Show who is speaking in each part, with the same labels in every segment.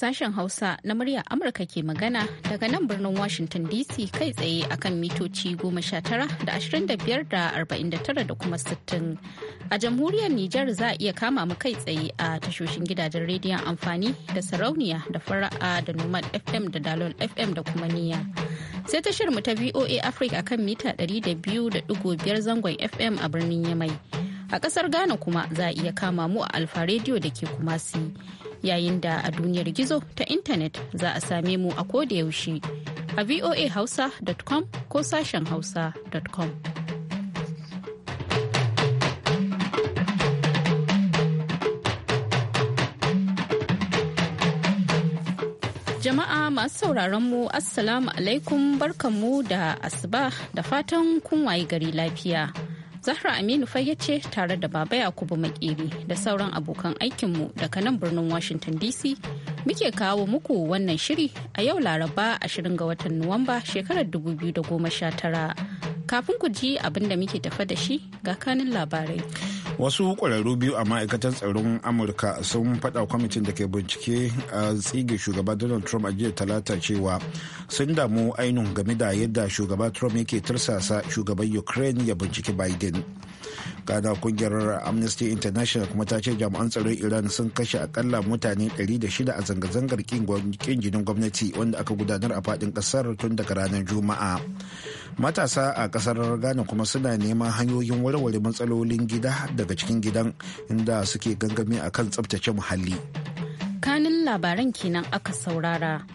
Speaker 1: Sashen Hausa na murya Amurka ke magana daga nan birnin Washington DC kai tsaye akan mitoci 19 da 25 da 49 da kuma 60. A jamhuriyar Nijar za a iya kama mu kai tsaye a tashoshin gidajen rediyon amfani da sarauniya da fara'a da Nomad FM da Dalol FM da kuma niya. Sai tashar mu ta VOA Africa akan mita 200.5 zangon FM a birnin Yamai. A ƙasar Ghana kuma za a iya kama mu a Alfa Radio da ke Kumasi. yayin da a duniyar gizo ta intanet za a same mu a yaushe a voahausa.com ko sashen hausa.com. Jama'a masu sauraron mu Assalamu alaikum barkanmu da asuba da fatan kun wayi gari lafiya. Zahra Aminu ce tare da Baba Yakubu Makeri da sauran abokan aikinmu daga nan birnin Washington DC muke kawo muku wannan shiri a yau Laraba 20 ga watan Nuwamba shekarar 2019. Kafin ku ji abin da muke tafa da shi ga kanin labarai.
Speaker 2: wasu kwararru biyu a ma'aikatan tsaron amurka sun faɗa kwamitin da ke bincike a tsige shugaba donald trump a jiya talata cewa sun damu ainihin game da yadda shugaba trump yake tursasa shugaban ukraine ya bincike biden gada kungiyar amnesty international kuma ta ce jami'an tsaron iran sun kashe akalla mutane 600 a zanga-zangar kin jinin gwamnati wanda aka gudanar a faɗin ƙasar tun daga ranar juma'a matasa a kasar ghana kuma suna neman hanyoyin warware matsalolin gida daga cikin gidan inda suke gangami a kan tsabtace muhalli
Speaker 1: kanin labaran kenan aka saurara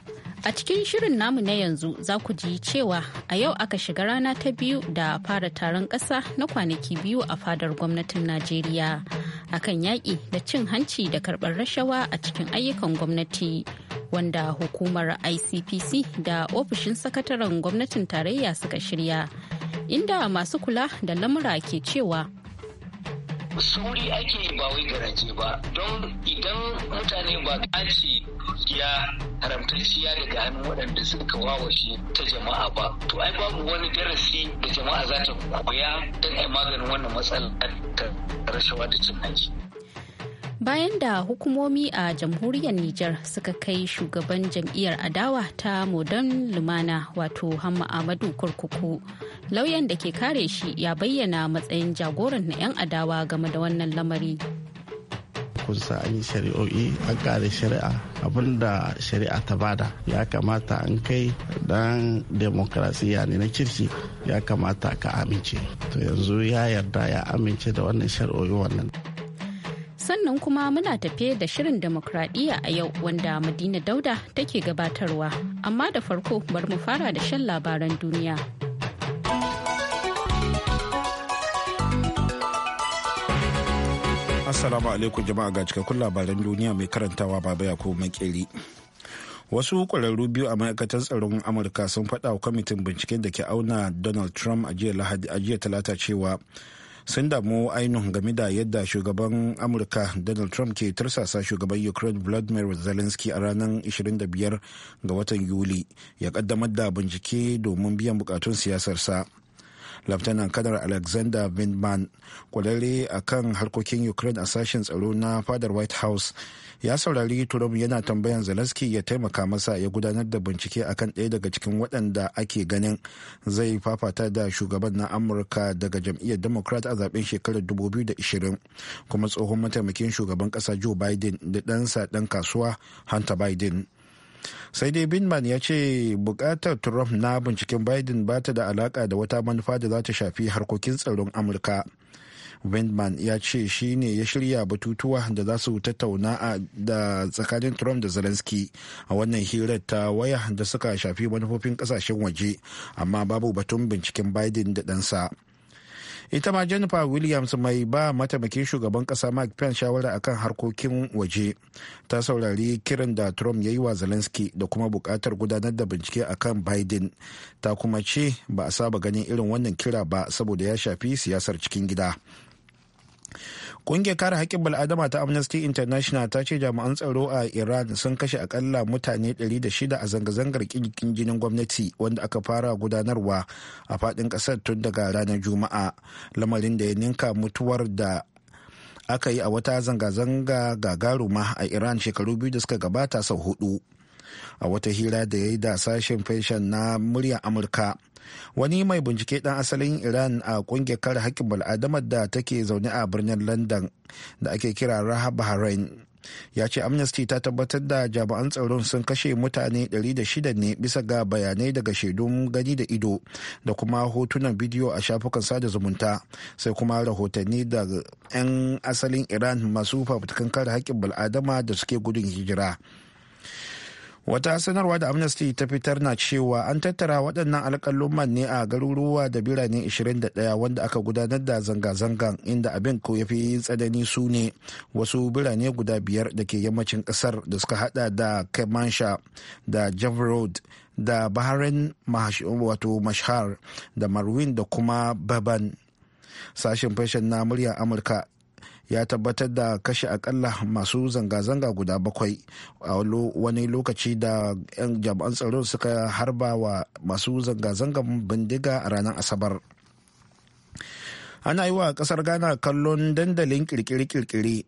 Speaker 1: a cikin shirin namu na yanzu za ku ji cewa a yau aka shiga rana ta biyu da fara taron ƙasa na kwanaki biyu a fadar gwamnatin najeriya akan yaƙi da cin hanci da karɓar rashawa a cikin ayyukan gwamnati. wanda hukumar ICPC da ofishin sakataren gwamnatin tarayya suka shirya inda masu kula da lamura ke cewa
Speaker 3: suri ake ba wai garaje ba don idan mutane ba kaci dukiya haramtacciya daga hannun waɗanda suka wawashe ta jama'a ba to ai babu wani darasi da jama'a za ta koya don ai maganin wannan matsalar ta rashawa
Speaker 4: da cin hanci
Speaker 1: bayan da hukumomi a jamhuriyar Nijar suka kai shugaban jam'iyyar adawa ta Modern Lumana wato Hamma amadu kurkuku. Lauyan da ke kare shi ya bayyana matsayin jagoran na 'yan adawa game da wannan lamari.
Speaker 5: kun sa an yi shari'o'i an kare shari'a abinda shari'a ta bada ya kamata an kai dan demokrasiya ne na kirki ya kamata ka amince to yanzu ya yarda ya amince da wannan shari'o'i wannan
Speaker 1: sannan kuma muna tafe da shirin demokradiyya a yau wanda madina dauda take gabatarwa amma da farko bari mu fara da shan labaran duniya
Speaker 2: assalamu alaikum jama'a ga cikakkun labaran duniya mai karantawa baba ko makeri wasu ƙwararru biyu a ma'aikatar tsaron amurka sun faɗa wa kwamitin binciken da ke auna donald trump a jiya talata cewa sun damu ainihin game da yadda shugaban amurka donald trump ke tursasa shugaban ukraine vladimir zelensky a ranar 25 ga watan yuli ya kaddamar da bincike domin biyan bukatun siyasarsa. Laftanan Kanar Alexander Vindman, kwararre a kan harkokin Ukraine a sashen tsaro na fadar White House, ya saurari Trump yana tambayan Zelensky ya taimaka masa ya gudanar da bincike akan ɗaya daga cikin waɗanda ake ganin zai fafata da shugaban na Amurka daga jam'iyyar Democrat a zaben shekarar 2020, kuma tsohon mataimakin shugaban ƙasa Joe Biden da ɗansa ɗan kasuwa Hunter Biden. sai dai binman ya ce bukatar trump na binciken biden ba ta da alaka da wata manufa da za ta shafi harkokin tsaron amurka windman ya ce shi ne ya shirya batutuwa da za su tattauna da tsakanin trump da zelensky a wannan hirar ta waya da suka shafi manufofin kasashen waje amma babu batun binciken biden da ɗansa. ita ma jennifer williams mai ba mataimakin shugaban kasa mike pence shawara akan harkokin waje ta saurari kiran da trump ya yi wa zelensky da kuma bukatar gudanar da bincike akan biden ta kuma ce ba a saba ganin irin wannan kira ba saboda ya shafi siyasar cikin gida Ƙungiyar kare haƙƙin bal'adama ta Amnesty International ta ce jami'an tsaro a Iran sun kashe akalla mutane 600 a zanga-zangar ƙin jinin gwamnati wanda aka fara gudanarwa a faɗin ƙasar tun daga ranar Juma'a, lamarin da ya ninka mutuwar da aka yi a wata zanga-zanga gagaruma a Iran shekaru biyu da suka gabata sau hudu. A wata hira da ya yi da sashen fashion na muryar Amurka. wani mai bincike dan asalin iran a kungiyar kare hakkin bal'adama da take zaune a birnin london da ake kira raha bahrain ya ce amnesty ta tabbatar da jami'an tsaron sun kashe mutane 600 ne bisa ga bayanai daga shaidun gani da ido da kuma hotunan bidiyo a shafukan sada zumunta sai kuma rahotanni da 'yan asalin iran masu fafutukan kare haƙƙin bal'adama da suke gudun hijira. wata sanarwa da amnesty ta fitar na cewa an tattara waɗannan man ne a garuruwa da birane 21 wanda aka gudanar da zanga-zangan inda abin ko ya fi tsanani su ne wasu birane guda biyar da ke yammacin ƙasar da suka hada da kemansha da jeff road da bahrain wato mashhar da marwin da kuma baban sashen fashin na muryar amurka ya tabbatar da kashe akalla masu zanga-zanga guda bakwai a wani lokaci da 'yan jami'an tsaro suka harba wa masu zanga-zangan bindiga a ranar asabar ana yi wa kasar ghana kallon dandalin kirkiri-kirkiri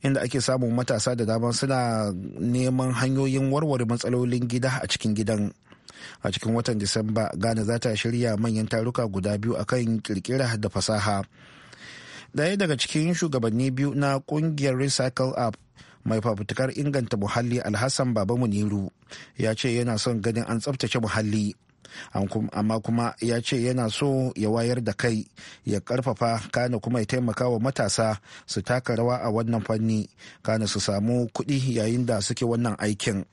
Speaker 2: inda ake samun matasa da dama suna neman hanyoyin warware matsalolin gida a cikin gidan a cikin watan disamba ghana za ta shirya manyan taruka guda biyu akan kirkira da fasaha daya daga cikin shugabanni biyu na kungiyar recycle app mai fafutukar inganta muhalli alhassan baba muniru ya ce yana son ganin an tsabtace muhalli amma kuma ya ce yana so ya wayar da kai ya karfafa kana kuma ya taimaka wa matasa su taka rawa a wannan fanni kana su samu kuɗi yayin da suke wannan aikin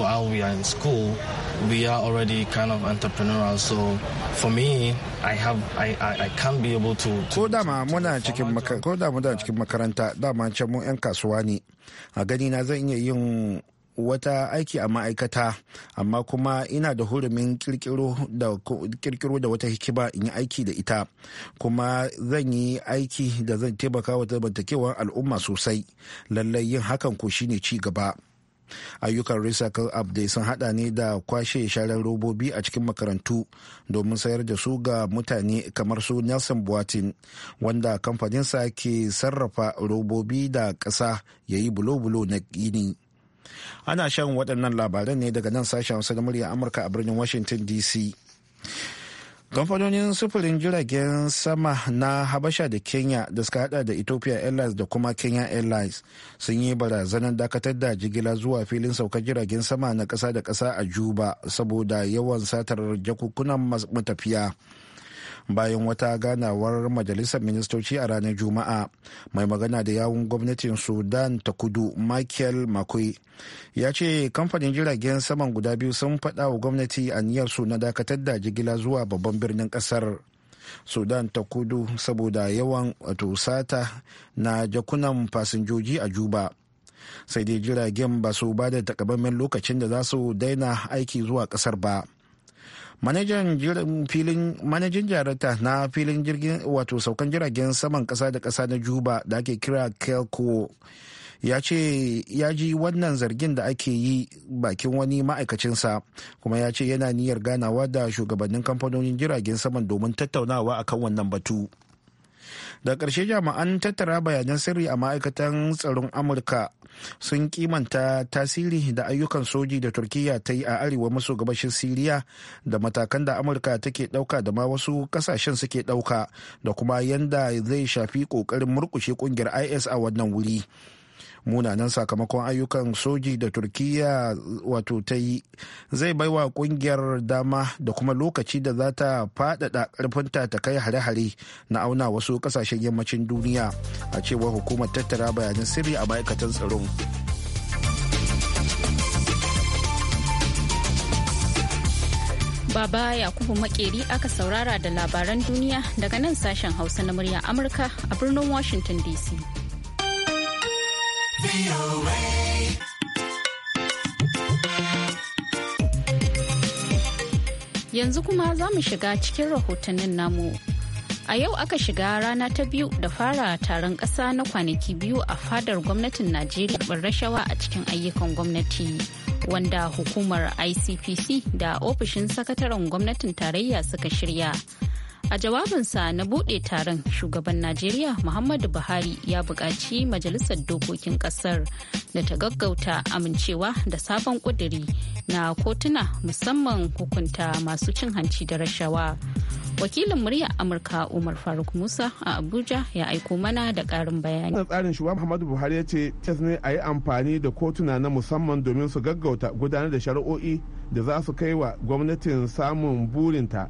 Speaker 6: while we are in
Speaker 5: school, we are already kind of entrepreneurial. So for me, I have I,
Speaker 2: I, I can't be able to. Ko dama muna cikin ko da muna cikin makaranta dama can mu 'yan kasuwa ne. A gani na zan iya yin wata aiki a ma'aikata amma kuma ina da hurumin kirkiro da wata hikima in yi aiki da ita kuma zan yi aiki da zan taimaka wa zamantakewar al'umma sosai lallai yin hakan ko shine ci gaba. ayyukan recycle app dai sun hada ne da kwashe sharar robobi a cikin makarantu domin sayar da su ga mutane kamar su nelson buatin wanda kamfaninsa ke sarrafa robobi da ƙasa ya yi bulo-bulo na gini ana shan waɗannan labaran ne daga nan sashen hausa da murya amurka a birnin washington dc kamfanonin sufurin jiragen sama na habasha da kenya da suka hada da ethiopia airlines da kuma kenya airlines sun yi barazanar dakatar da jigila zuwa filin saukar jiragen sama na kasa da kasa a juba saboda yawan satar jakukunan matafiya. bayan wata ganawar majalisar ministoci a ranar juma'a mai magana da yawun gwamnatin sudan ta kudu michael makui ya ce kamfanin jiragen saman guda biyu sun faɗa wa gwamnati su na dakatar da jigila zuwa babban birnin ƙasar sudan ta kudu saboda yawan sata na jakunan fasinjoji a juba sai dai jiragen ba su ba da takamaiman lokacin da za su daina aiki zuwa ƙasar ba. manajan filin manajin jarata na filin jirgin wato saukan jiragen saman kasa da kasa na juba da ake kira kelko ya ce ya ji wannan zargin da ake yi bakin wani ma'aikacinsa kuma ya ce yana niyyar ganawa da shugabannin kamfanonin jiragen saman domin tattaunawa akan wannan batu. da ƙarshe jami'an tattara bayanan sirri a ma'aikatan tsaron amurka sun kimanta tasiri da ayyukan soji da turkiya ta yi a arewa maso gabashin siriya da matakan da amurka take ɗauka da ma wasu ƙasashen suke ɗauka da kuma yadda zai shafi ƙoƙarin murƙushe ƙungiyar is a wannan wuri. munanan sakamakon ayyukan soji da turkiya wato ta yi zai baiwa kungiyar dama da kuma lokaci da za ta faɗaɗa ƙarfinta ta kai hare-hare na auna wasu ƙasashen yammacin duniya a cewar hukumar tattara bayanan sirri a ma'aikatan tsaron
Speaker 1: Baba Yakubu Makeri aka saurara da labaran duniya daga nan sashen Hausa na murya Amurka a birnin Washington DC. Yanzu kuma za mu shiga cikin rahotannin namu. A yau aka shiga rana ta biyu da fara taron ƙasa na kwanaki biyu a fadar gwamnatin Najeriya ban rashawa a cikin ayyukan gwamnati. Wanda hukumar ICPC da ofishin sakataren gwamnatin tarayya suka shirya. A jawabinsa na buɗe taron shugaban Najeriya Muhammadu Buhari ya buƙaci Majalisar Dokokin ƙasar da ta gaggauta amincewa da sabon ƙuduri na kotuna musamman hukunta masu cin hanci da rashawa. Wakilin murya Amurka Umar Faruk Musa a Abuja ya aiko mana da ƙarin bayani. Wannan
Speaker 7: tsarin shugaban Muhammadu Buhari ya ce ne a yi amfani da kotuna na musamman domin su gaggauta gudanar da shari'o'i da za su kai wa gwamnatin samun burinta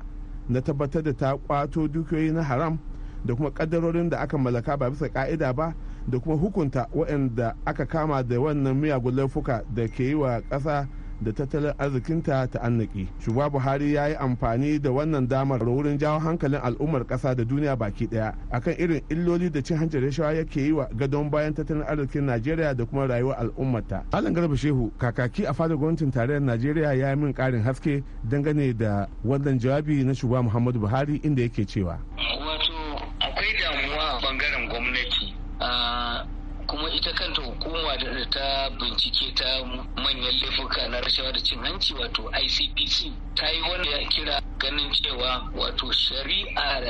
Speaker 7: na tabbatar da ta kwato dukiyoyi na haram da kuma kaddarorin da aka mallaka ba bisa ka'ida ba da kuma hukunta waɗanda aka kama da wannan miyagun laifuka da ke yi wa ƙasa da tattalin arzikinta ta annaki shugaba buhari ya yi amfani da wannan damar wurin jawo hankalin al'ummar kasa da duniya baki ɗaya akan irin illoli da cin hanci rashawa yake yi wa gadon bayan tattalin arzikin najeriya da kuma rayuwar al'ummarta alan garba shehu kakaki a fadar gwamnatin tarayyar najeriya ya yi min ƙarin haske dangane da wannan jawabi na shugaba muhammadu buhari inda yake cewa
Speaker 3: wato akwai damuwa a bangaren gwamnati ah, ita kanta hukuma da ta bincike ta manyan laifuka na rashawa da cin hanci wato icpc ta yi wanda ya kira ganin cewa wato shari'a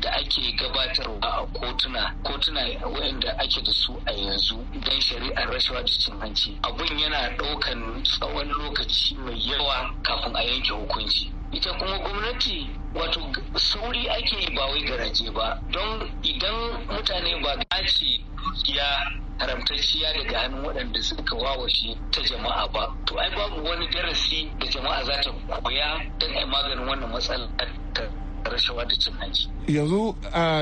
Speaker 3: da ake gabatarwa a kotuna kotuna wayanda ake da su a yanzu don shari'ar rashawa da cin hanci abun yana ɗaukan tsawon lokaci mai yawa kafin a yanke hukunci ita kuma gwamnati wato sauri ake yi ba wai garaje ba don idan mutane ba gaci ya haramtacciya daga hannun waɗanda suka wawashe ta jama'a ba to ai babu wani darasi da jama'a za ta koya don a maganin wannan matsala rashawa da cin hanci.
Speaker 7: Yanzu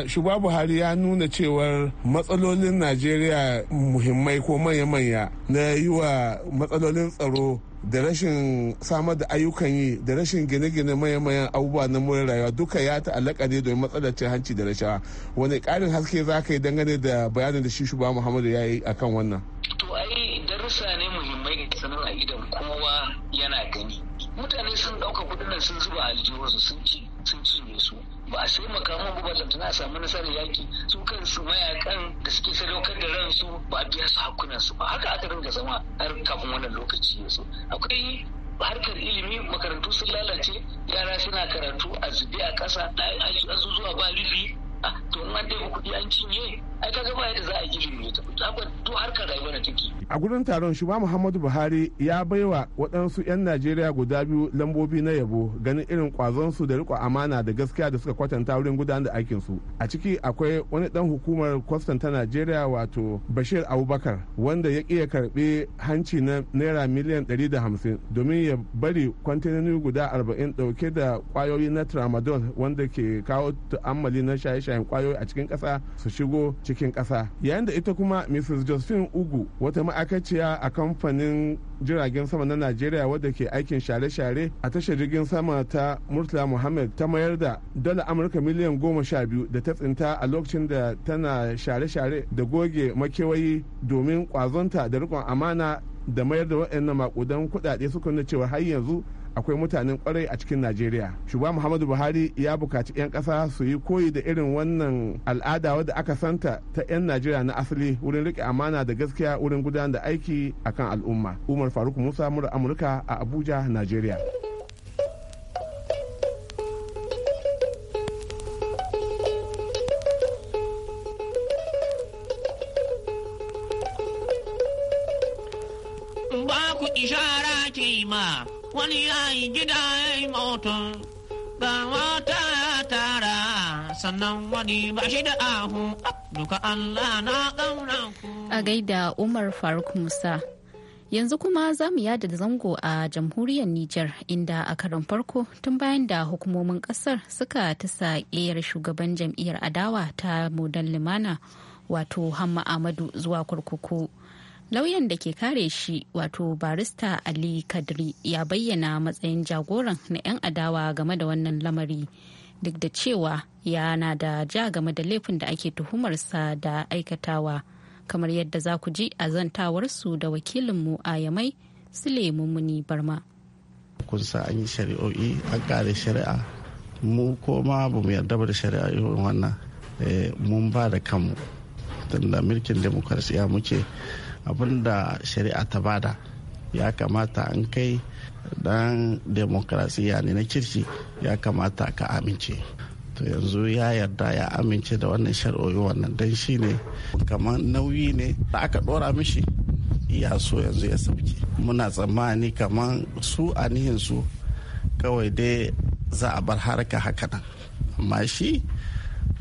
Speaker 7: shugaba Buhari ya nuna cewar matsalolin Najeriya muhimmai ko manya-manya na yi wa matsalolin tsaro da rashin samar da ayyukan yi da rashin gine-gine mayan abubuwa na more rayuwa duka ya ta'allaka ne domin matsalar cin hanci da rashawa wani ƙarin haske za ka yi dangane da bayanin da shi muhammadu ya yi akan wannan
Speaker 3: to ai darussa ne muhimmai ga sanar a idan kowa yana gani mutane sun ɗauka kuɗin nan sun zuba aljihunsu sun ci sun ci ne su ba a sai makaman ba balantana a samu nasarar yaki su kansu mayakan da suke sadaukar da ransu ba biya su su ba haka aka ringa zama har kafin wannan lokaci ya zo akwai harkar ilimi makarantu sun lalace yara suna karatu a zube a ƙasa zuwa ba rufi ah, to in an ɗaya kuɗi an cinye ai yadda za a yi ne ta to harkar
Speaker 4: rayuwa na take
Speaker 7: a gurin taron shugaba Muhammadu Buhari ya baiwa waɗansu 'yan Najeriya guda biyu lambobi na yabo ganin irin kwazon su da riko amana da gaskiya da suka kwatanta wurin gudanar da aikin su a ciki akwai wani dan hukumar kwastan ta Najeriya wato Bashir Abubakar wanda ya iya karɓi hanci na naira miliyan 150 domin ya bari kwantenoni guda 40 dauke da kwayoyi na tramadol wanda ke kawo ta'ammali na shaye-shayen kwayoyi a cikin ƙasa su shigo cikin ƙasa yayin da ita kuma mrs josephine ugu wata ma'aikaciya a kamfanin jiragen sama na najeriya wadda ke aikin share-share a tashar jirgin sama ta murtala muhammad ta mayar da dala amurka miliyan goma sha biyu da ta tsinta a lokacin da tana share-share da goge makewayi domin kwazonta da rikon amana da mayar da waɗannan makudan kuɗaɗe suka nuna cewa har yanzu akwai mutanen kwarai a cikin najeriya shugaba muhammadu buhari ya bukaci 'yan ƙasa su yi koyi da irin wannan al'ada wadda aka santa ta 'yan najeriya na asali wurin rike amana da gaskiya wurin gudanar da aiki akan al'umma umar faruk musa mura amurka a abuja najeriya
Speaker 3: ku ishara ke ma wani ya yi gida ya yi motun ga wata ya tara sannan wani ba shi da ahu duka Allah na ɗauna
Speaker 1: ku. A gaida Umar Faruk Musa. Yanzu kuma za mu yada da zango a jamhuriyar Nijar inda a karon farko tun bayan da hukumomin kasar suka tasa ƙeyar shugaban jam'iyyar adawa ta Modan Limana wato Hamma Amadu zuwa kurkuku. lauyan da ke kare shi wato barista ali kadri ya bayyana matsayin jagoran na 'yan adawa game da wannan lamari duk da cewa ya na da ja game da laifin da ake tuhumarsa da aikatawa kamar yadda za ku ji a zantawarsu da wakilinmu a yamai sule mummuni barma
Speaker 5: kun sa an yi shari'o'i an kare shari'a mu koma ba mu yarda ba da shari'a irin wannan eh, mun ba da kanmu tunda mulkin demokrasiya muke abinda shari'a ta bada ya kamata an kai dan demokrasiya ne na kirki ya kamata ka amince to yanzu ya yarda ya amince da wannan shari'o'i wannan dan shi ne kamar nauyi ne da aka dora mishi ya so yanzu ya sauke muna tsammani kamar su anihin su kawai dai za a bar haraka haka nan amma shi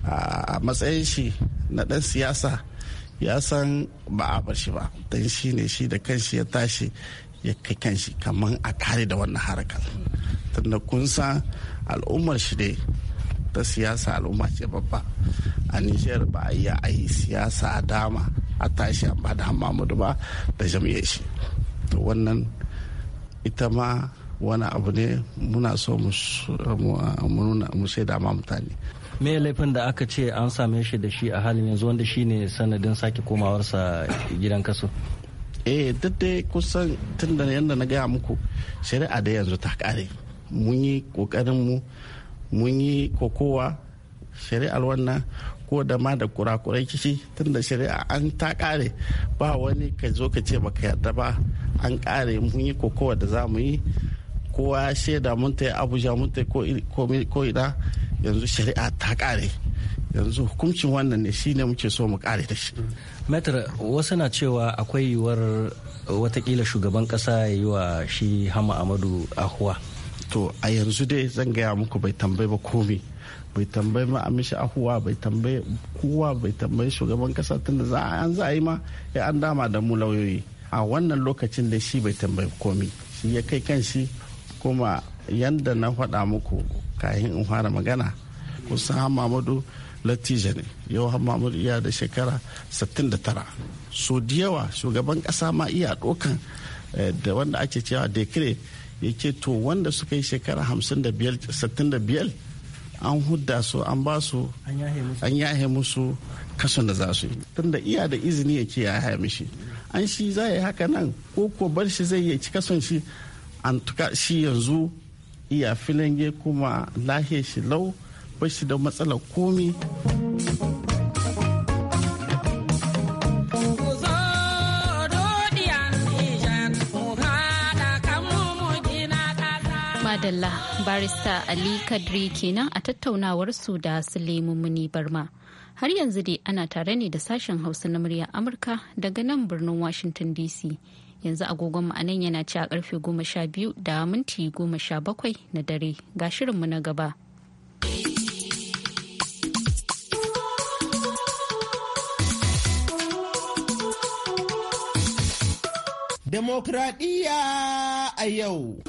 Speaker 5: a matsayin shi na ɗan siyasa ya san ba a bar shi ba don shi ne shi da kanshi ya tashi ya kai kanshi kamar a kare da wannan harakar tunda kun san al'ummar shi ne ta siyasa al'umma ce babba a nijar ba a iya a yi siyasa a dama a tashi ba da mamudu ba da jam'iyyar shi to wannan ita ma wani abu ne muna so mu shaida ma mutane
Speaker 3: me laifin da
Speaker 5: aka ce an same shi da shi a halin yanzu wanda shi ne sanadin sake komawarsa gidan kaso eh duk dai kusan tun da yadda na gaya muku shari'a da yanzu ta kare mun yi kokarin mu mun yi kokowa shari'ar wannan ko da ma da kurakurai kishi tun da shari'a an ta kare ba wani ka zo ka ce baka yarda ba an kare mun yi kokowa da za mu yi kowa shaida mun ta yi abuja mun ta yi ko ina yanzu shari'a ta kare yanzu hukuncin wannan ne shine muke so mu kare da shi metra wasu na cewa akwai yiwuwar watakila shugaban kasa ya yi wa shi hama amadu ahuwa to a yanzu dai zan gaya muku bai tambayi ba komi bai tambayi ma amishi ahuwa bai tambayi kowa bai tambayi shugaban kasa tunda za an za a yi ma ya an dama da mu lauyoyi a wannan lokacin da shi bai tambayi komi shi ya kai kanshi shi kuma yadda na faɗa muku kayan in fara magana kusan mamadu latija ne yau mamadu iya da shekara 69 so da yawa shugaban ƙasa ma iya ɗokan eh, da wanda ake cewa dekire ya ce to wanda suka yi shekara 65 an hudda su an ba su an yahe musu kaso da za su yi tunda iya da izini ya ce ya haya mishi an shi za ya yi haka nan ko ko bar shi zai yi ci kasan shi an tuka shi yanzu iya filange kuma lahiyar shi lau shi da matsalar komi.
Speaker 1: Madalla barista Ali Kadri kenan a tattaunawar su da Sulemu Muni Barma. Har yanzu dai ana tare ne da sashen Hausa na murya Amurka daga nan birnin Washington DC. yanzu agogon mu ma'anan yana ci a karfe goma sha biyu da minti goma sha bakwai na dare ga shirinmu na gaba.
Speaker 4: Demokradiyya a yau.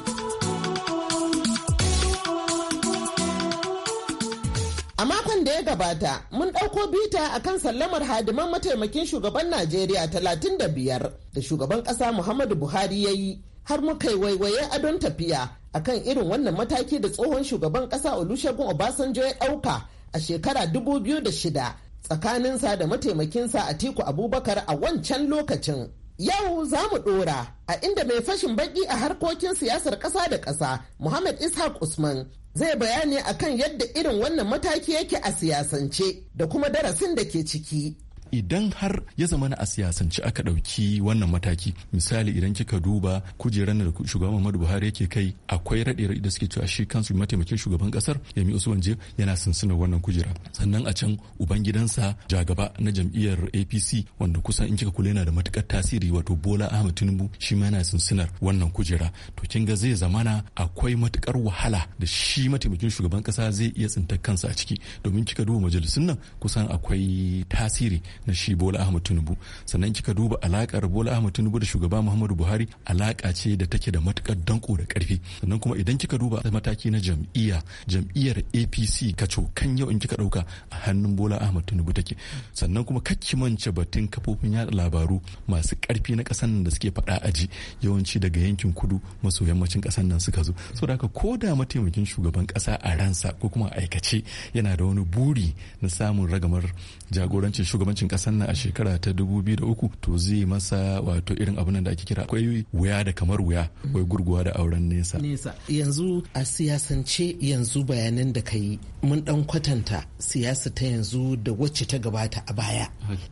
Speaker 4: A makon da ya gabata, mun ɗauko bita a kan sallamar hadiman mataimakin shugaban Najeriya talatin da biyar da shugaban ƙasa Muhammadu Buhari ya yi har muka waiwaye adon tafiya a kan irin wannan mataki da tsohon shugaban ƙasa Olusegun Obasanjo ya ɗauka a shekara 2006 tsakaninsa da mataimakinsa tiku Abubakar a wancan lokacin. Yau za mu ɗora a inda mai fashin baki a harkokin siyasar ƙasa da ƙasa Muhammad Ishaq Usman zai bayani akan yadda irin wannan mataki yake a siyasance
Speaker 6: da kuma darasin da ke ciki idan har ya zama a siyasance aka ɗauki wannan mataki misali idan kika duba kujerar da shugaban muhammadu buhari yake kai akwai raɗe da suke cewa shi kansu mataimakin shugaban ƙasar yami je yana sunsuna wannan kujera sannan a can ubangidansa gidansa jagaba na jam'iyyar apc wanda kusan in kika kula yana da matukar tasiri wato bola ahmed tinubu shi ma yana sunsunar wannan kujera to kin ga zai zamana akwai matukar wahala da shi mataimakin shugaban ƙasa zai iya tsinta kansa a ciki domin kika duba majalisun nan kusan akwai tasiri na shi bola ahmad tinubu sannan kika duba alakar bola ahmad tinubu da shugaba muhammadu buhari alaka ce da take da matukar danko da karfi sannan kuma idan kika duba mataki na jam'iyya jam'iyyar apc kaco kan yau in kika dauka a hannun bola ahmad tinubu take sannan kuma kakki mance batun kafofin yada labaru masu karfi na kasan da suke faɗa aji yawanci daga yankin kudu maso yammacin kasan nan suka zo da haka ko da mataimakin shugaban kasa a ransa ko kuma aikace yana da wani buri na samun ragamar jagorancin shugabancin cikin kasan nan a shekara ta 2003 to zai masa wato irin abin da ake kira akwai wuya da kamar wuya akwai gurguwa da auren nesa nesa yanzu
Speaker 4: a siyasance yanzu bayanan da kai mun dan kwatanta siyasa ta yanzu da wacce ta gabata a baya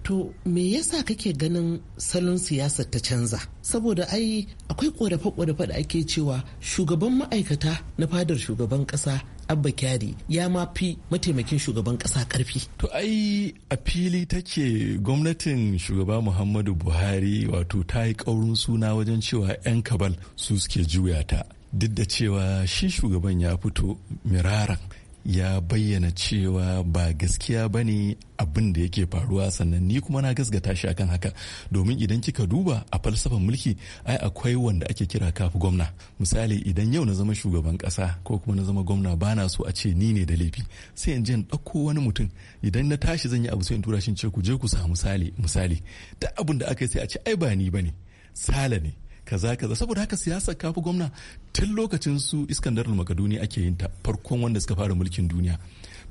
Speaker 4: to me yasa kake ganin salon siyasa ta canza saboda ai akwai korafe-korafe da ake cewa shugaban ma'aikata na fadar shugaban kasa abba kyari
Speaker 6: ya ma fi mataimakin shugaban kasa karfi to ai a fili take gwamnatin shugaba muhammadu buhari wato ta yi kaurin suna wajen cewa 'yan kabal su suke juya ta duk da cewa shi shugaban ya fito miraran ya bayyana cewa ba gaskiya ba ne abin da yake faruwa sannan ni kuma na gasgata shi akan haka domin idan kika duba a falsafan mulki ai akwai wanda ake kira kafi gwamna misali idan yau na zama shugaban kasa ko kuma na zama gwamna ba na so a ce ni ne da laifi sai in je ɗauko wani mutum idan na tashi zan yi abu sai in tura shi ce ku je ku samu misali misali da abin da aka yi sai a ce ai ba ni ba ne sala ne kaza kaza saboda haka siyasa kafi gwamna tun lokacin su iskandar magaduni ake yin ta farkon wanda suka fara mulkin duniya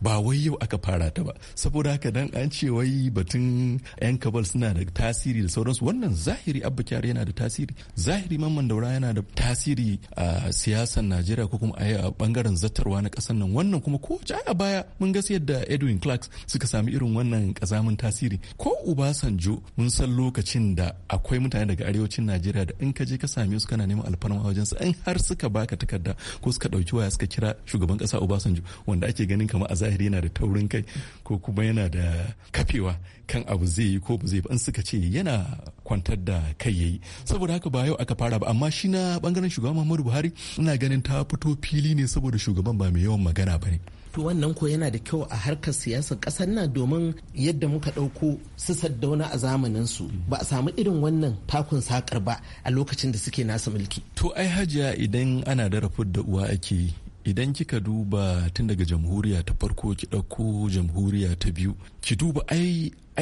Speaker 6: ba wai yau aka fara ta ba saboda haka dan an ce wai batun yan kabal suna da tasiri da sauransu wannan zahiri abba kyar yana da tasiri zahiri mamman daura yana da tasiri a siyasar najeriya ko kuma a bangaren zattarwa na kasar nan wannan kuma ko a baya mun ga yadda edwin clark suka sami irin wannan kazamin tasiri ko ubasanjo mun san lokacin da akwai mutane daga arewacin najeriya da in ka je ka same su kana neman alfarma wajen su in har suka baka takarda ko suka dauki waya suka kira shugaban kasa obasanjo wanda ake ganin kamar a zahiri yana da taurin kai ko kuma yana da kafewa kan abu zai yi ko ba zai in suka ce yana kwantar da kai yayi saboda haka ba yau aka fara ba amma shi na bangaren shugaban Muhammadu Buhari ina ganin ta fito fili ne saboda shugaban ba mai yawan magana ba ne.
Speaker 4: to wannan ko yana da kyau a harkar siyasar kasar nan domin yadda muka ɗauko su saddauna a zamanin su ba a samu irin wannan takun sakar ba a lokacin da suke nasu mulki
Speaker 6: to ai hajiya idan ana da rafud da uwa ake yi idan kika duba tun daga jamhuriya ta farko ki ɗauko jamhuriya ta biyu ki duba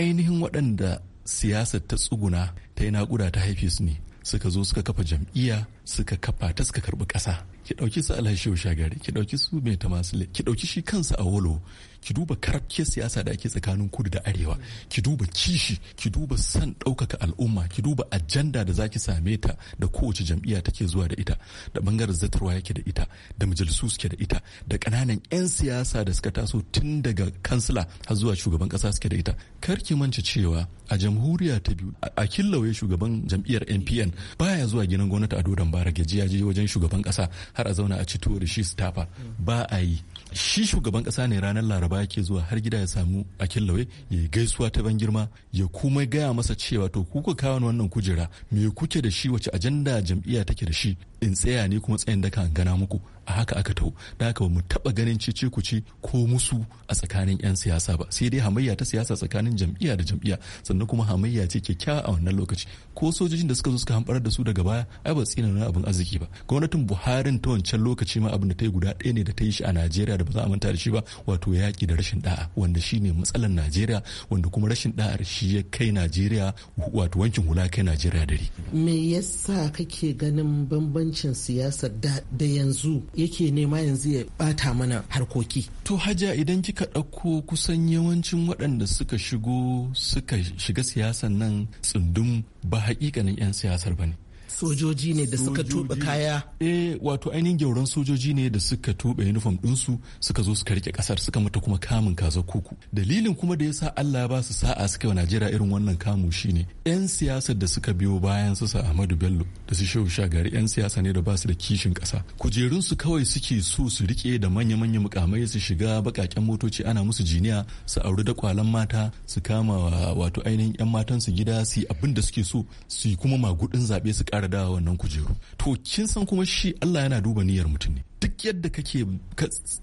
Speaker 6: ainihin waɗanda siyasar ta tsuguna ta yi naƙuda ta haife su ne suka zo suka kafa jam'iyya suka kafa ta suka karɓi ƙasa ki ɗauki su alhashiyo shagari ki ɗauki su mai tamasile ki ɗauki shi kansa a wolo ki duba karafkiyar siyasa da ake tsakanin kudu da arewa ki duba kishi ki duba san ɗaukaka al'umma ki duba ajanda da zaki same ta da kowace jam'iyya take zuwa da ita da bangaren zatarwa yake da ita da majalisu suke da ita da ƙananan 'yan siyasa da suka taso tun daga kansila har zuwa shugaban ƙasa suke da ita kar ki manta cewa a jamhuriya ta biyu a lauye shugaban jam'iyyar npn baya zuwa gidan gwamnati a dodon bara gaji ya je wajen shugaban kasa har a zauna a ci tuwo da shi stafa ba a yi shi shugaban kasa ne ranar laraba yake zuwa har gida ya samu a lauye ya yi gaisuwa ta ban girma ya kuma gaya masa cewa to kuka kawo wannan kujera me kuke da shi wace ajanda jam'iyya take da shi in tsaya ne kuma tsayin daka gana muku a haka aka taho da haka mu taba ganin cece ci ko musu a tsakanin yan siyasa ba sai dai hamayya ta siyasa tsakanin jam'iyya da jam'iyya sannan kuma hamayya ce kyakkyawa a wannan lokaci ko sojojin da suka zo suka hamɓar da su daga baya ai ba tsina na abin arziki ba gwamnatin buharin ta wancan lokaci ma abin da ta yi guda ɗaya ne da ta yi shi a najeriya da ba za a manta da shi ba wato yaƙi da rashin da'a wanda shi ne matsalar najeriya wanda kuma rashin da'ar shi ya kai najeriya wato wankin hula kai najeriya dare
Speaker 4: me yasa kake ganin bambanci yancin siyasa da yanzu yake
Speaker 6: nema yanzu ya bata mana harkoki to haja idan kika ɗauko kusan yawancin waɗanda suka shigo suka shiga siyasan nan tsundum ba haƙiƙanin 'yan siyasar ba ne sojoji ne da suka tuɓe kaya eh wato ainihin gyauran sojoji ne da suka tuɓe uniform ɗinsu suka zo suka rike kasar suka mata kuma kamun kaza kuku dalilin kuma da yasa Allah ya ba su sa'a suka wa Najeriya irin wannan kamu shine yan siyasar da suka biyo bayan su sa Ahmadu Bello da su Shehu Shagari yan siyasa ne da ba su da kishin ƙasa kujerun su kawai suke so su rike da manya-manya mukamai su shiga bakaken motoci ana musu jiniya su auri da kwalan mata su kama wato ainihin yan matan su gida su yi abin da suke so su yi kuma magudin zaɓe su ƙara da dawa wannan kujeru to kin san kuma shi Allah yana duba niyyar mutum ne duk yadda kake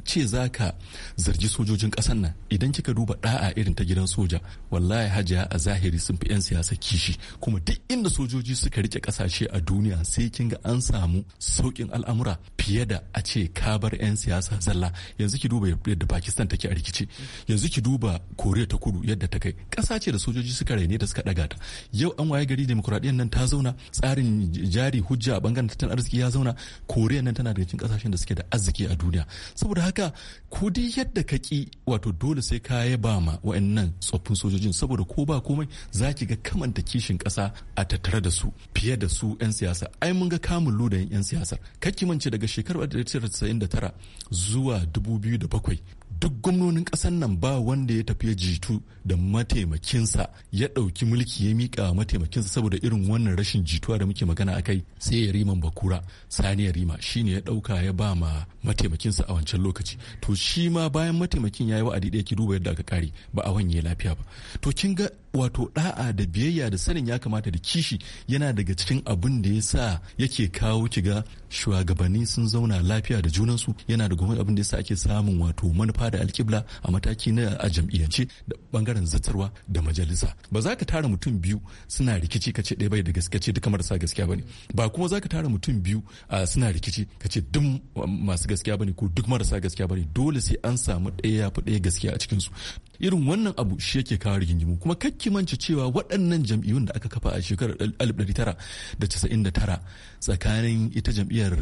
Speaker 6: ce za ka zargi sojojin ƙasar nan idan kika duba ɗa'a irin ta gidan soja wallahi hajiya a zahiri sun fi 'yan siyasa kishi kuma duk inda sojoji suka rike ƙasashe a duniya sai kin ga an samu sauƙin al'amura fiye da a ce ka bar 'yan siyasa zalla yanzu ki duba yadda pakistan take a rikici yanzu ki duba koriya ta kudu yadda ta kai ƙasa ce da sojoji suka raine da suka ɗaga ta yau an waye gari demokuraɗiyyar nan ta zauna tsarin jari hujja a bangaren tattalin arziki ya zauna koriya nan tana daga cikin ƙasashen da suke suke da arziki a duniya saboda haka ko dai yadda ka ki wato dole sai ka yaba ma wa'annan tsoffin sojojin saboda ko ba komai za ki ga kamanta kishin ƙasa a tattare da su fiye da su 'yan siyasa ai mun ga kamun ludayin 'yan siyasa kakki mance daga shekarar 1999 zuwa 2007 duk gwamnonin ƙasar nan ba wanda ya tafi ya jitu da mataimakinsa ya ɗauki mulki ya miƙa mataimakinsa saboda irin wannan rashin jituwa da muke magana a kai sai ya riman bakura sani ya rima shine ya ɗauka ya ba ma mataimakinsa a wancan lokaci to shi ma bayan mataimakin ya yi wa'adi ɗaya ki duba yadda aka kare ba a wanye lafiya ba to kin ga wato ɗa'a da biyayya da sanin ya kamata da kishi yana daga cikin abin da ya sa yake kawo kiga shugabanni sun zauna lafiya da junansu yana da gwamnati abin da ya sa ake samun wato manufa da alkibla a mataki na a jam'iyyance da bangaren zatarwa da majalisa ba za ka tara mutum biyu suna rikici ka ce ɗaya bai da gaskiya ce duka marasa gaskiya bane ba kuma za ka tara mutum biyu suna rikici ka duk masu gaskiya bane ko duk marasa gaskiya bane dole sai an samu ɗaya ya fi ɗaya gaskiya a cikin su irin wannan abu shi yake kawo rigingimu kuma kakki manci cewa waɗannan jam'iyyun da aka kafa a shekarar 1999 tsakanin ita jam'iyyar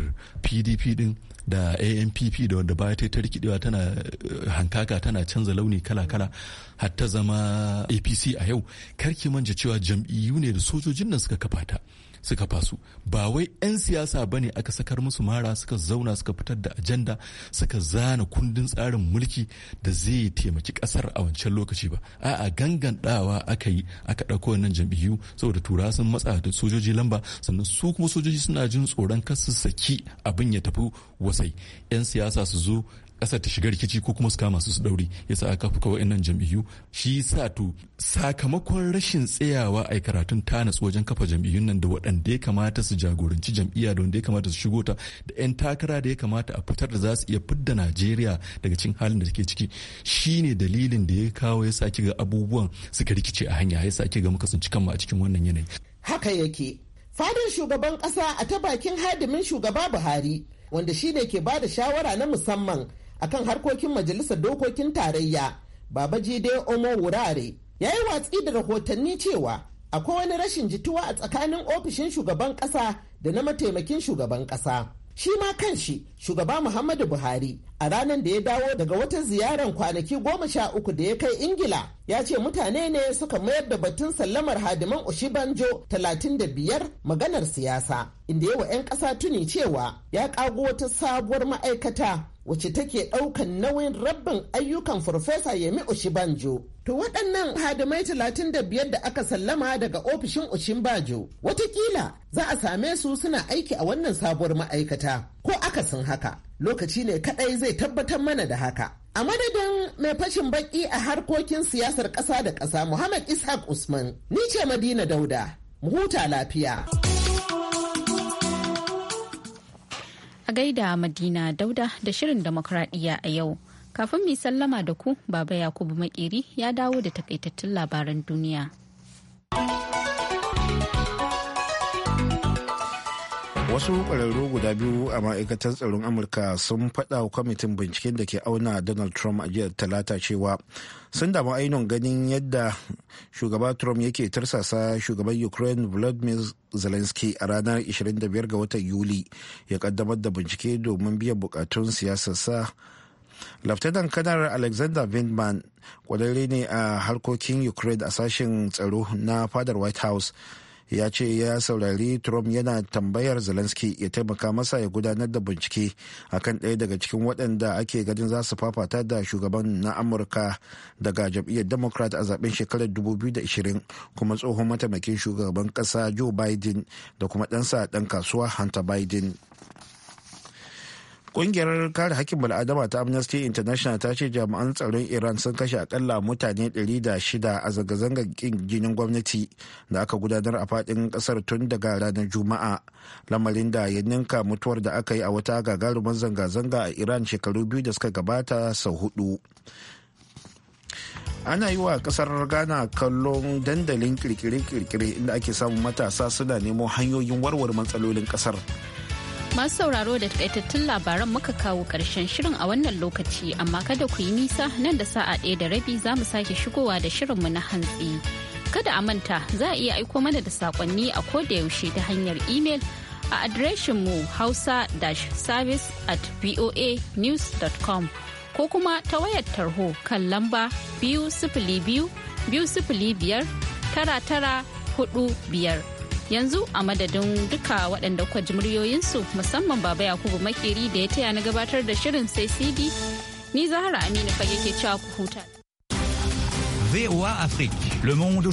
Speaker 6: pdp din da ANPP da wanda baya ta rikidewa tana eh, hankaka tana canza launi kala-kala har ta zama APC a yau karki manja cewa jam'iyyu ne da sojojin nan suka kafa ta suka fasu ba wai 'yan siyasa ba ne aka sakar musu mara suka zauna suka fitar da ajanda suka zana kundin tsarin mulki da zai taimaki kasar a wancan lokaci ba a'a gangan dawa aka yi aka ɗauko wannan jam'iyyu saboda tura sun matsa da sojoji lamba sannan su kuma sojoji suna jin tsoron kar saki abin ya tafi wasai 'yan siyasa su zo kasar ta shiga rikici ko kuma su kama su su ya sa aka fuka wa'annan jam'iyyu shi sa to sakamakon rashin tsayawa a karatun ta natsu wajen kafa jam'iyyun nan da waɗanda ya kamata su jagoranci jam'iyya da wanda ya kamata su shigo ta da 'yan takara da ya kamata a fitar da za su iya fidda najeriya daga cikin halin da take ciki shine dalilin da ya kawo ya sa ga abubuwan suka rikice a hanya ya sa ga muka ci kanmu a cikin wannan yanayi
Speaker 4: haka yake fadin shugaban kasa a ta bakin hadimin shugaba buhari wanda shine ke ba da shawara na musamman akan harkokin majalisar dokokin tarayya babajide omo wurare ya yi watsi da rahotanni cewa akwai wani rashin jituwa a tsakanin ofishin shugaban kasa da na mataimakin shugaban kasa shi ma kan shi shugaba muhammadu buhari a ranar da ya dawo daga wata ziyarar kwanaki goma sha uku da ya kai ingila ya ce mutane ne suka mayar da batun sallamar hadiman oshibanjo talatin da biyar maganar siyasa inda yawa 'yan kasa tuni cewa ya kago wata sabuwar ma'aikata wacce take ɗaukan nauyin rabin ayyukan Farfesa Yemi Oshibanjo. To waɗannan hadimai talatin da biyar da aka sallama daga ofishin Oshibanjo, watakila za a same su suna aiki a wannan sabuwar ma'aikata ko aka akasin haka. Lokaci ne kaɗai zai tabbatar mana da haka. A madadin mai fashin baki a harkokin siyasar ƙasa da ƙasa Muhammad Ishaq Usman, ni ce Madina Dauda, mu huta lafiya.
Speaker 1: A gaida Madina Dauda da Shirin Demokradiyya a yau. Kafin mai sallama da ku, Baba Yakubu Makeri ya dawo da takaitattun labaran duniya.
Speaker 2: wasu ƙwararru guda biyu a ma'aikatar tsaron amurka sun faɗa wa kwamitin binciken da ke auna donald trump a jiya talata cewa sun damu ainihin ganin yadda shugaba trump yake tarsasa shugaban ukraine vladimir zelensky a ranar 25 ga watan yuli ya kaddamar da bincike domin biyan bukatun siyasarsa Laftanan kanar Alexander Vindman kwadare ne a harkokin Ukraine a sashen tsaro na fadar White House ya ce ya saurari trump yana tambayar zelensky ya taimaka masa ya gudanar da bincike akan ɗaya daga cikin waɗanda ake ganin za su fafata da shugaban na amurka daga jam'iyyar democrat a zaben shekarar 2020 kuma tsohon mataimakin shugaban ƙasa joe biden da kuma ɗansa ɗan kasuwa hunter biden Kungiyar kare hakkin bal'adama ta Amnesty International ta ce jami'an tsaron Iran sun kashe akalla mutane 106 a zanga-zangar kin jinin gwamnati da aka gudanar a fadin kasar tun daga ranar Juma'a. Lamarin da ya ninka mutuwar da aka yi a wata gagarumin zanga-zanga a Iran shekaru biyu da suka gabata sau hudu. ana yi wa kasar ghana kallon dandalin kirkire-kirkire inda ake samun matasa suna nemo hanyoyin warware matsalolin kasar
Speaker 1: Masu sauraro da takaitattun labaran muka kawo ƙarshen shirin a wannan lokaci amma kada ku yi nisa nan da sa'a ɗaya da rabi za mu sake shigowa da shirinmu na hantsi. Kada a manta za a iya aiko mana da saƙonni a yaushe ta hanyar imel a adireshinmu hausa-service at voanews.com ko kuma ta wayar tarho kan lamba biyu biyu biyu sifili biyar tara tara hudu biyar. yanzu a madadin duka waɗanda kuka ji muryoyinsu musamman baba yakubu makeri da ya taya na gabatar da shirin sai cd ni zahara aminu fage ke cewa ku huta
Speaker 3: voa afrique le